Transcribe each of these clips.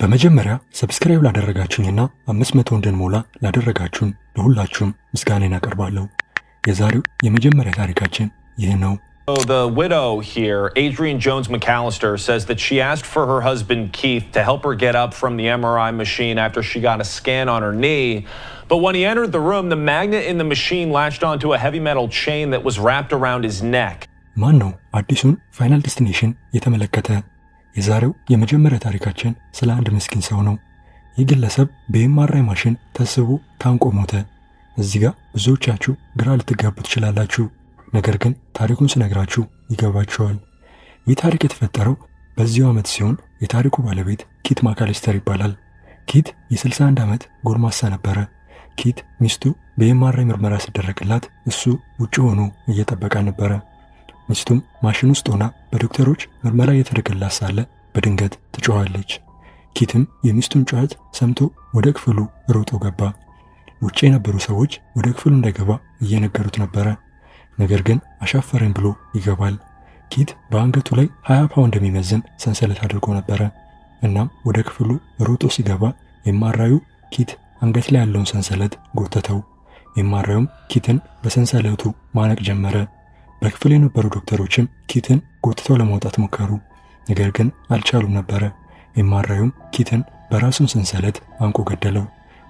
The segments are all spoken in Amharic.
በመጀመሪያ ሰብስክራይብ ላደረጋችሁኝና አምስት መቶ እንድንሞላ ላደረጋችሁን ለሁላችሁም ምስጋናን አቀርባለሁ። የዛሬው የመጀመሪያ ታሪካችን ይህ ነው። The widow here, Adrienne Jones McAllister, says that she asked for her husband Keith to help her get up from the MRI machine after she got a scan on her knee. But when he entered the room, the magnet in the machine latched onto a heavy metal chain that was wrapped around his neck. ማን ነው final destination, ዴስቲኔሽን የተመለከተ የዛሬው የመጀመሪያ ታሪካችን ስለ አንድ ምስኪን ሰው ነው። ይህ ግለሰብ በኤምአርአይ ማሽን ተስቦ ታንቆ ሞተ። እዚህ ጋር ብዙዎቻችሁ ግራ ልትጋቡ ትችላላችሁ። ነገር ግን ታሪኩን ስነግራችሁ ይገባችኋል። ይህ ታሪክ የተፈጠረው በዚሁ ዓመት ሲሆን የታሪኩ ባለቤት ኪት ማካሊስተር ይባላል። ኪት የ61 ዓመት ጎልማሳ ነበረ። ኪት ሚስቱ በኤምአርአይ ምርመራ ሲደረግላት እሱ ውጭ ሆኖ እየጠበቀ ነበረ። ሚስቱም ማሽን ውስጥ ሆና በዶክተሮች ምርመራ እየተደረገላት ሳለ በድንገት ትጮኋለች። ኪትም የሚስቱን ጩኸት ሰምቶ ወደ ክፍሉ ሮጦ ገባ። ውጭ የነበሩ ሰዎች ወደ ክፍሉ እንዳይገባ እየነገሩት ነበረ። ነገር ግን አሻፈረኝ ብሎ ይገባል። ኪት በአንገቱ ላይ 20 ፓውንድ የሚመዝን ሰንሰለት አድርጎ ነበረ። እናም ወደ ክፍሉ ሮጦ ሲገባ የማራዩ ኪት አንገት ላይ ያለውን ሰንሰለት ጎተተው። የማራዩም ኪትን በሰንሰለቱ ማነቅ ጀመረ። በክፍል የነበሩ ዶክተሮችም ኪትን ጎትተው ለማውጣት ሞከሩ፣ ነገር ግን አልቻሉም ነበረ። የማራዩም ኪትን በራሱን ሰንሰለት አንቆ ገደለው።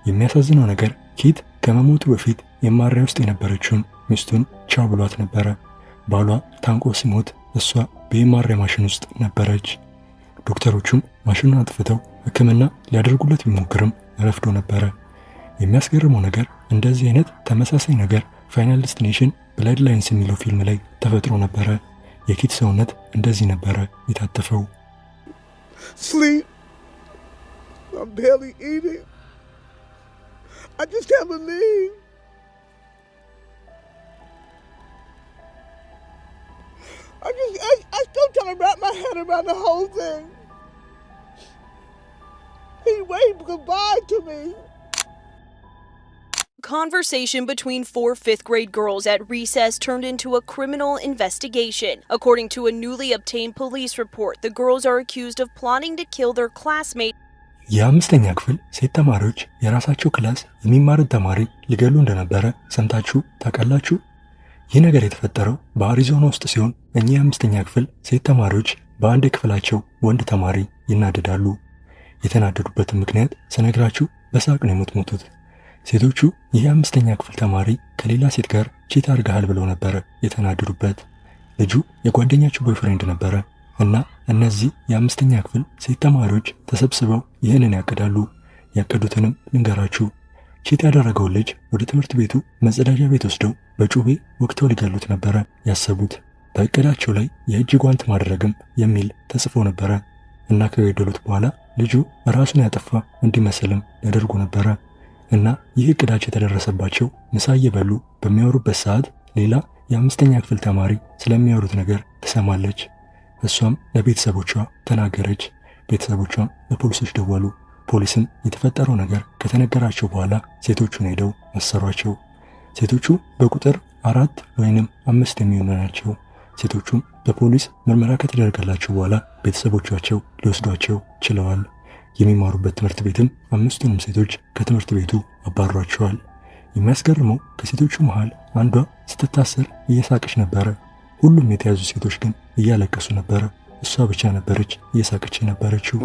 የሚያሳዝነው ነገር ኪት ከመሞቱ በፊት የማራዩ ውስጥ የነበረችውን ሚስቱን ቻው ብሏት ነበረ። ባሏ ታንቆ ሲሞት እሷ በየማራያ ማሽን ውስጥ ነበረች። ዶክተሮቹም ማሽኑን አጥፍተው ሕክምና ሊያደርጉለት ቢሞክርም ረፍዶ ነበረ። የሚያስገርመው ነገር እንደዚህ አይነት ተመሳሳይ ነገር ፋይናል ዴስቲኔሽን ብለድ ላይንስ የሚለው ፊልም ላይ ተፈጥሮ ነበረ። የኪት ሰውነት እንደዚህ ነበረ የታተፈው። He waved goodbye to me conversation between four fifth grade girls at recess turned into a criminal investigation. According to a newly obtained police report, the girls are accused of plotting to kill their classmate የአምስተኛ ክፍል ሴት ተማሪዎች የራሳቸው ክላስ የሚማርን ተማሪ ሊገሉ እንደነበረ ሰምታችሁ ታውቃላችሁ? ይህ ነገር የተፈጠረው በአሪዞና ውስጥ ሲሆን እኚህ የአምስተኛ ክፍል ሴት ተማሪዎች በአንድ ክፍላቸው ወንድ ተማሪ ይናደዳሉ። የተናደዱበትን ምክንያት ስነግራችሁ በሳቅ ነው የምትሞቱት። ሴቶቹ ይህ አምስተኛ ክፍል ተማሪ ከሌላ ሴት ጋር ቼት አርገሃል ብለው ነበር የተናደዱበት። ልጁ የጓደኛቸው ቦይፍሬንድ ነበረ እና እነዚህ የአምስተኛ ክፍል ሴት ተማሪዎች ተሰብስበው ይህንን ያቅዳሉ። ያቀዱትንም ልንገራችሁ። ቼት ያደረገውን ልጅ ወደ ትምህርት ቤቱ መጸዳጃ ቤት ወስደው በጩቤ ወቅተው ሊገሉት ነበረ ያሰቡት። በእቅዳቸው ላይ የእጅ ጓንት ማድረግም የሚል ተጽፎ ነበረ እና ከገደሉት በኋላ ልጁ ራሱን ያጠፋ እንዲመስልም ያደርጉ ነበረ። እና ይህ እቅዳቸው የተደረሰባቸው ምሳ እየበሉ በሚያወሩበት ሰዓት ሌላ የአምስተኛ ክፍል ተማሪ ስለሚያወሩት ነገር ትሰማለች። እሷም ለቤተሰቦቿ ተናገረች። ቤተሰቦቿም ለፖሊሶች ደወሉ። ፖሊስም የተፈጠረው ነገር ከተነገራቸው በኋላ ሴቶቹን ሄደው መሰሯቸው ሴቶቹ በቁጥር አራት ወይንም አምስት የሚሆኑ ናቸው። ሴቶቹም በፖሊስ ምርመራ ከተደረገላቸው በኋላ ቤተሰቦቻቸው ሊወስዷቸው ችለዋል። የሚማሩበት ትምህርት ቤትም አምስቱንም ሴቶች ከትምህርት ቤቱ አባሯቸዋል። የሚያስገርመው ከሴቶቹ መሃል አንዷ ስትታሰር እየሳቀች ነበረ። ሁሉም የተያዙ ሴቶች ግን እያለቀሱ ነበረ። እሷ ብቻ ነበረች እየሳቀች የነበረችው።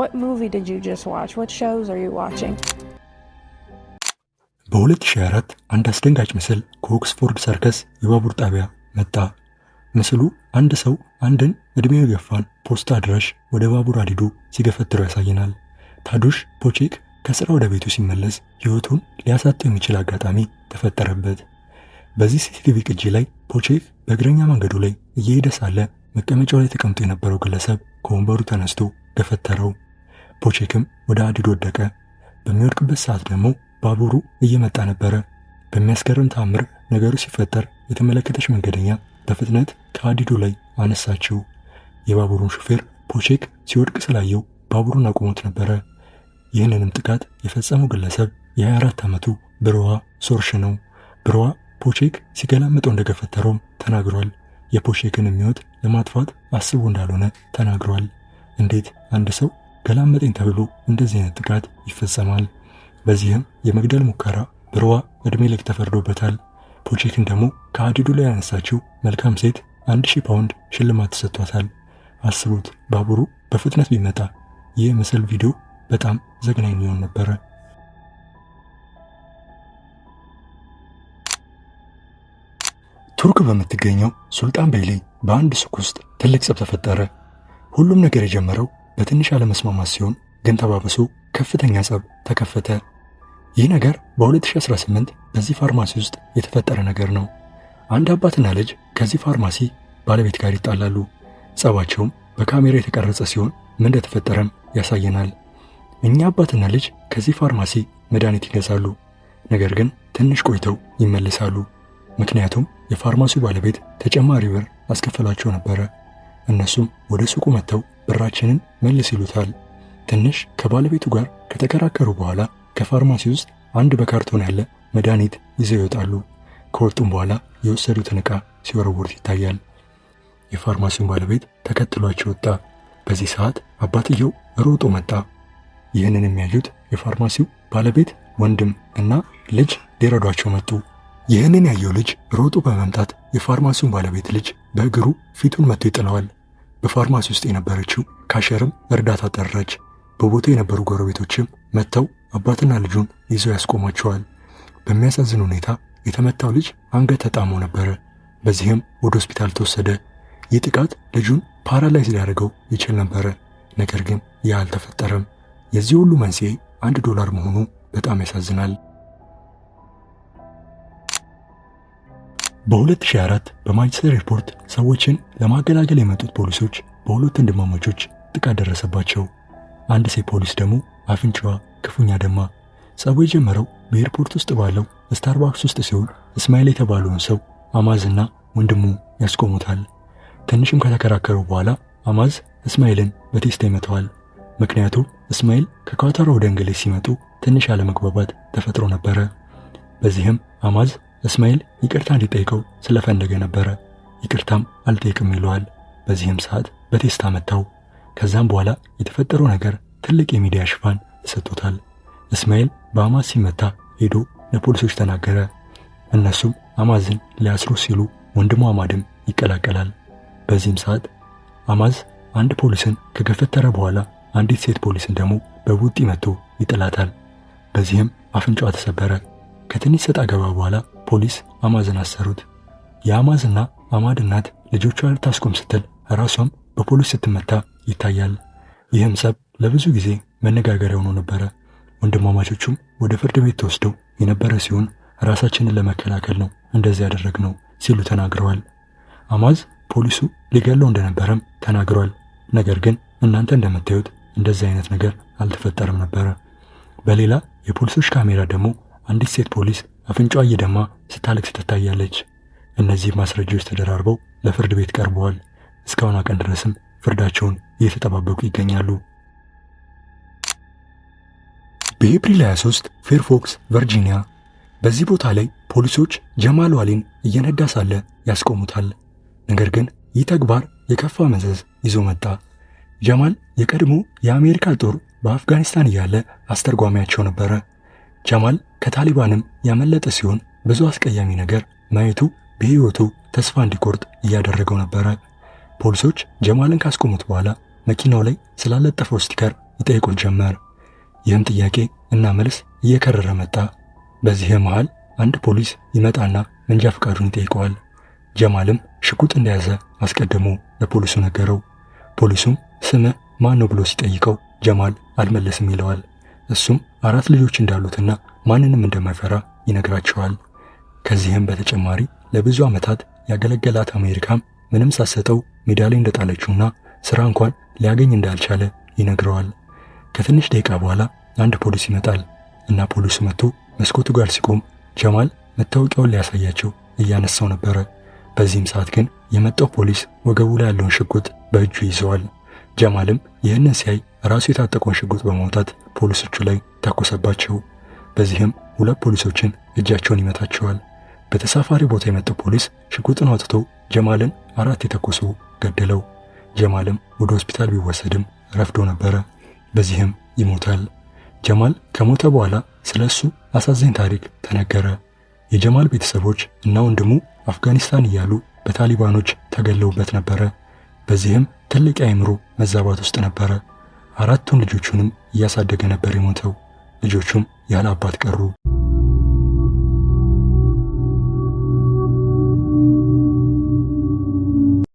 What movie did you just watch? What shows are you watching? በ2004 አንድ አስደንጋጭ ምስል ከኦክስፎርድ ሰርከስ የባቡር ጣቢያ መጣ። ምስሉ አንድ ሰው አንድን ዕድሜው የገፋን ፖስታ አድራሽ ወደ ባቡር አዲዱ ሲገፈትረው ያሳየናል። ታዱሽ ፖቼክ ከሥራ ወደ ቤቱ ሲመለስ ሕይወቱን ሊያሳጣው የሚችል አጋጣሚ ተፈጠረበት። በዚህ ሲሲቲቪ ቅጂ ላይ ፖቼክ በእግረኛ መንገዱ ላይ እየሄደ ሳለ መቀመጫው ላይ ተቀምጦ የነበረው ግለሰብ ከወንበሩ ተነስቶ ገፈተረው። ፖቼክም ወደ አዲዱ ወደቀ። በሚወድቅበት ሰዓት ደግሞ ባቡሩ እየመጣ ነበረ። በሚያስገርም ታምር ነገሩ ሲፈጠር የተመለከተች መንገደኛ በፍጥነት ከሀዲዱ ላይ አነሳችው። የባቡሩን ሹፌር ፖቼክ ሲወድቅ ስላየው ባቡሩን አቁሞት ነበረ። ይህንንም ጥቃት የፈጸመው ግለሰብ የ24 ዓመቱ ብሮዋ ሶርሽ ነው። ብሮዋ ፖቼክ ሲገላመጠው እንደገፈተረውም ተናግሯል። የፖሼክን ሕይወት ለማጥፋት አስቦ እንዳልሆነ ተናግሯል። እንዴት አንድ ሰው ገላመጠኝ ተብሎ እንደዚህ አይነት ጥቃት ይፈጸማል? በዚህም የመግደል ሙከራ ብርዋ እድሜ ልክ ተፈርዶበታል። ፖቼኪን ደግሞ ከአዲዱ ላይ ያነሳችው መልካም ሴት አንድ ሺህ ፓውንድ ሽልማት ተሰጥቷታል። አስቡት ባቡሩ በፍጥነት ቢመጣ ይህ ምስል ቪዲዮ በጣም ዘግናኝ የሚሆን ነበረ። ቱርክ በምትገኘው ሱልጣን ቤይሊ በአንድ ሱቅ ውስጥ ትልቅ ጸብ ተፈጠረ። ሁሉም ነገር የጀመረው በትንሽ አለመስማማት ሲሆን ግን ተባብሶ ከፍተኛ ጸብ ተከፈተ። ይህ ነገር በ2018 በዚህ ፋርማሲ ውስጥ የተፈጠረ ነገር ነው። አንድ አባትና ልጅ ከዚህ ፋርማሲ ባለቤት ጋር ይጣላሉ። ጸባቸውም በካሜራ የተቀረጸ ሲሆን ምን እንደተፈጠረም ያሳየናል። እኛ አባትና ልጅ ከዚህ ፋርማሲ መድኃኒት ይገዛሉ። ነገር ግን ትንሽ ቆይተው ይመለሳሉ። ምክንያቱም የፋርማሲው ባለቤት ተጨማሪ ብር አስከፈላቸው ነበረ። እነሱም ወደ ሱቁ መጥተው ብራችንን መልስ ይሉታል። ትንሽ ከባለቤቱ ጋር ከተከራከሩ በኋላ ከፋርማሲ ውስጥ አንድ በካርቶን ያለ መድኃኒት ይዘው ይወጣሉ። ከወጡም በኋላ የወሰዱትን ዕቃ ሲወረውሩት ይታያል። የፋርማሲውን ባለቤት ተከትሏቸው ወጣ። በዚህ ሰዓት አባትየው ሮጦ መጣ። ይህንን የሚያዩት የፋርማሲው ባለቤት ወንድም እና ልጅ ሊረዷቸው መጡ። ይህንን ያየው ልጅ ሮጦ በመምጣት የፋርማሲውን ባለቤት ልጅ በእግሩ ፊቱን መቶ ይጥለዋል። በፋርማሲ ውስጥ የነበረችው ካሸርም እርዳታ ጠራች። በቦታው የነበሩ ጎረቤቶችም መጥተው አባትና ልጁን ይዘው ያስቆማቸዋል። በሚያሳዝን ሁኔታ የተመታው ልጅ አንገት ተጣሞ ነበረ። በዚህም ወደ ሆስፒታል ተወሰደ። ይህ ጥቃት ልጁን ፓራላይዝ ሊያደርገው ይችል ነበረ፣ ነገር ግን ይህ አልተፈጠረም። የዚህ ሁሉ መንስኤ አንድ ዶላር መሆኑ በጣም ያሳዝናል። በ2004 በማንቸስተር ኤርፖርት ሰዎችን ለማገላገል የመጡት ፖሊሶች በሁለት ወንድማማቾች ጥቃት ደረሰባቸው። አንድ ሴት ፖሊስ ደግሞ አፍንጫዋ ክፉኛ ደማ። ጸቡ የጀመረው በኤርፖርት ውስጥ ባለው ስታርባክስ ውስጥ ሲሆን እስማኤል የተባለውን ሰው አማዝና ወንድሙ ያስቆሙታል። ትንሽም ከተከራከሩ በኋላ አማዝ እስማኤልን በቴስታ ይመተዋል። ምክንያቱ እስማኤል ከኳታር ወደ እንግሊዝ ሲመጡ ትንሽ አለመግባባት ተፈጥሮ ነበረ። በዚህም አማዝ እስማኤል ይቅርታ እንዲጠይቀው ስለፈለገ ነበረ። ይቅርታም አልጠይቅም ይለዋል። በዚህም ሰዓት በቴስታ መታው። ከዛም በኋላ የተፈጠረው ነገር ትልቅ የሚዲያ ሽፋን ተሰጥቶታል። እስማኤል በአማዝ ሲመታ ሄዶ ለፖሊሶች ተናገረ። እነሱም አማዝን ሊያስሩ ሲሉ ወንድሙ አማድም ይቀላቀላል። በዚህም ሰዓት አማዝ አንድ ፖሊስን ከገፈተረ በኋላ አንዲት ሴት ፖሊስን ደግሞ በቡጢ መጥቶ ይጥላታል። በዚህም አፍንጫዋ ተሰበረ። ከትንሽ ሰጣ ገባ በኋላ ፖሊስ አማዝን አሰሩት። የአማዝና አማድ እናት ልጆቿ ልታስቆም ስትል ራሷም በፖሊስ ስትመታ ይታያል። ይህም ጸብ ለብዙ ጊዜ መነጋገሪያ ሆኖ ነበረ። ወንድማማቾቹም ወደ ፍርድ ቤት ተወስደው የነበረ ሲሆን ራሳችንን ለመከላከል ነው እንደዚህ ነው ሲሉ ተናግረዋል። አማዝ ፖሊሱ ሊገለው እንደነበረም ተናግሯል። ነገር ግን እናንተ እንደምታዩት እንደዚህ አይነት ነገር አልተፈጠረም ነበረ። በሌላ የፖሊሶች ካሜራ ደግሞ አንዲት ሴት ፖሊስ አፍንጫ እየደማ ስታለቅስ ትታያለች። እነዚህ ማስረጃዎች ተደራርበው ለፍርድ ቤት ቀርበዋል። እስካሁን አቀን ድረስም ፍርዳቸውን እየተጠባበቁ ይገኛሉ። በኤፕሪል 23 ፌርፎክስ ቨርጂኒያ፣ በዚህ ቦታ ላይ ፖሊሶች ጀማል ዋሊን እየነዳ ሳለ ያስቆሙታል። ነገር ግን ይህ ተግባር የከፋ መዘዝ ይዞ መጣ። ጀማል የቀድሞ የአሜሪካ ጦር በአፍጋኒስታን እያለ አስተርጓሚያቸው ነበረ። ጀማል ከታሊባንም ያመለጠ ሲሆን ብዙ አስቀያሚ ነገር ማየቱ በሕይወቱ ተስፋ እንዲቆርጥ እያደረገው ነበረ። ፖሊሶች ጀማልን ካስቆሙት በኋላ መኪናው ላይ ስላለጠፈው ስቲከር ይጠይቁት ጀመር። ይህም ጥያቄ እና መልስ እየከረረ መጣ። በዚህ መሃል አንድ ፖሊስ ይመጣና መንጃ ፈቃዱን ይጠይቀዋል። ጀማልም ሽጉጥ እንደያዘ አስቀድሞ ለፖሊሱ ነገረው። ፖሊሱም ስምህ ማን ነው ብሎ ሲጠይቀው ጀማል አልመለስም ይለዋል። እሱም አራት ልጆች እንዳሉትና ማንንም እንደማይፈራ ይነግራቸዋል። ከዚህም በተጨማሪ ለብዙ ዓመታት ያገለገላት አሜሪካም ምንም ሳሰጠው ሜዳ ላይ እንደጣለችውና ስራ እንኳን ሊያገኝ እንዳልቻለ ይነግረዋል። ከትንሽ ደቂቃ በኋላ አንድ ፖሊስ ይመጣል እና ፖሊሱ መጥቶ መስኮቱ ጋር ሲቆም ጀማል መታወቂያውን ሊያሳያቸው እያነሳው ነበረ። በዚህም ሰዓት ግን የመጣው ፖሊስ ወገቡ ላይ ያለውን ሽጉጥ በእጁ ይዘዋል። ጀማልም ይህንን ሲያይ ራሱ የታጠቀውን ሽጉጥ በማውጣት ፖሊሶቹ ላይ ተኮሰባቸው። በዚህም ሁለት ፖሊሶችን እጃቸውን ይመታቸዋል። በተሳፋሪ ቦታ የመጣው ፖሊስ ሽጉጥን አውጥቶ ጀማልን አራት የተኮሱ ገደለው። ጀማልም ወደ ሆስፒታል ቢወሰድም ረፍዶ ነበረ። በዚህም ይሞታል። ጀማል ከሞተ በኋላ ስለ እሱ አሳዛኝ ታሪክ ተነገረ። የጀማል ቤተሰቦች እና ወንድሙ አፍጋኒስታን እያሉ በታሊባኖች ተገለውበት ነበረ። በዚህም ትልቅ የአእምሮ መዛባት ውስጥ ነበረ። አራቱን ልጆቹንም እያሳደገ ነበር የሞተው። ልጆቹም ያለ አባት ቀሩ።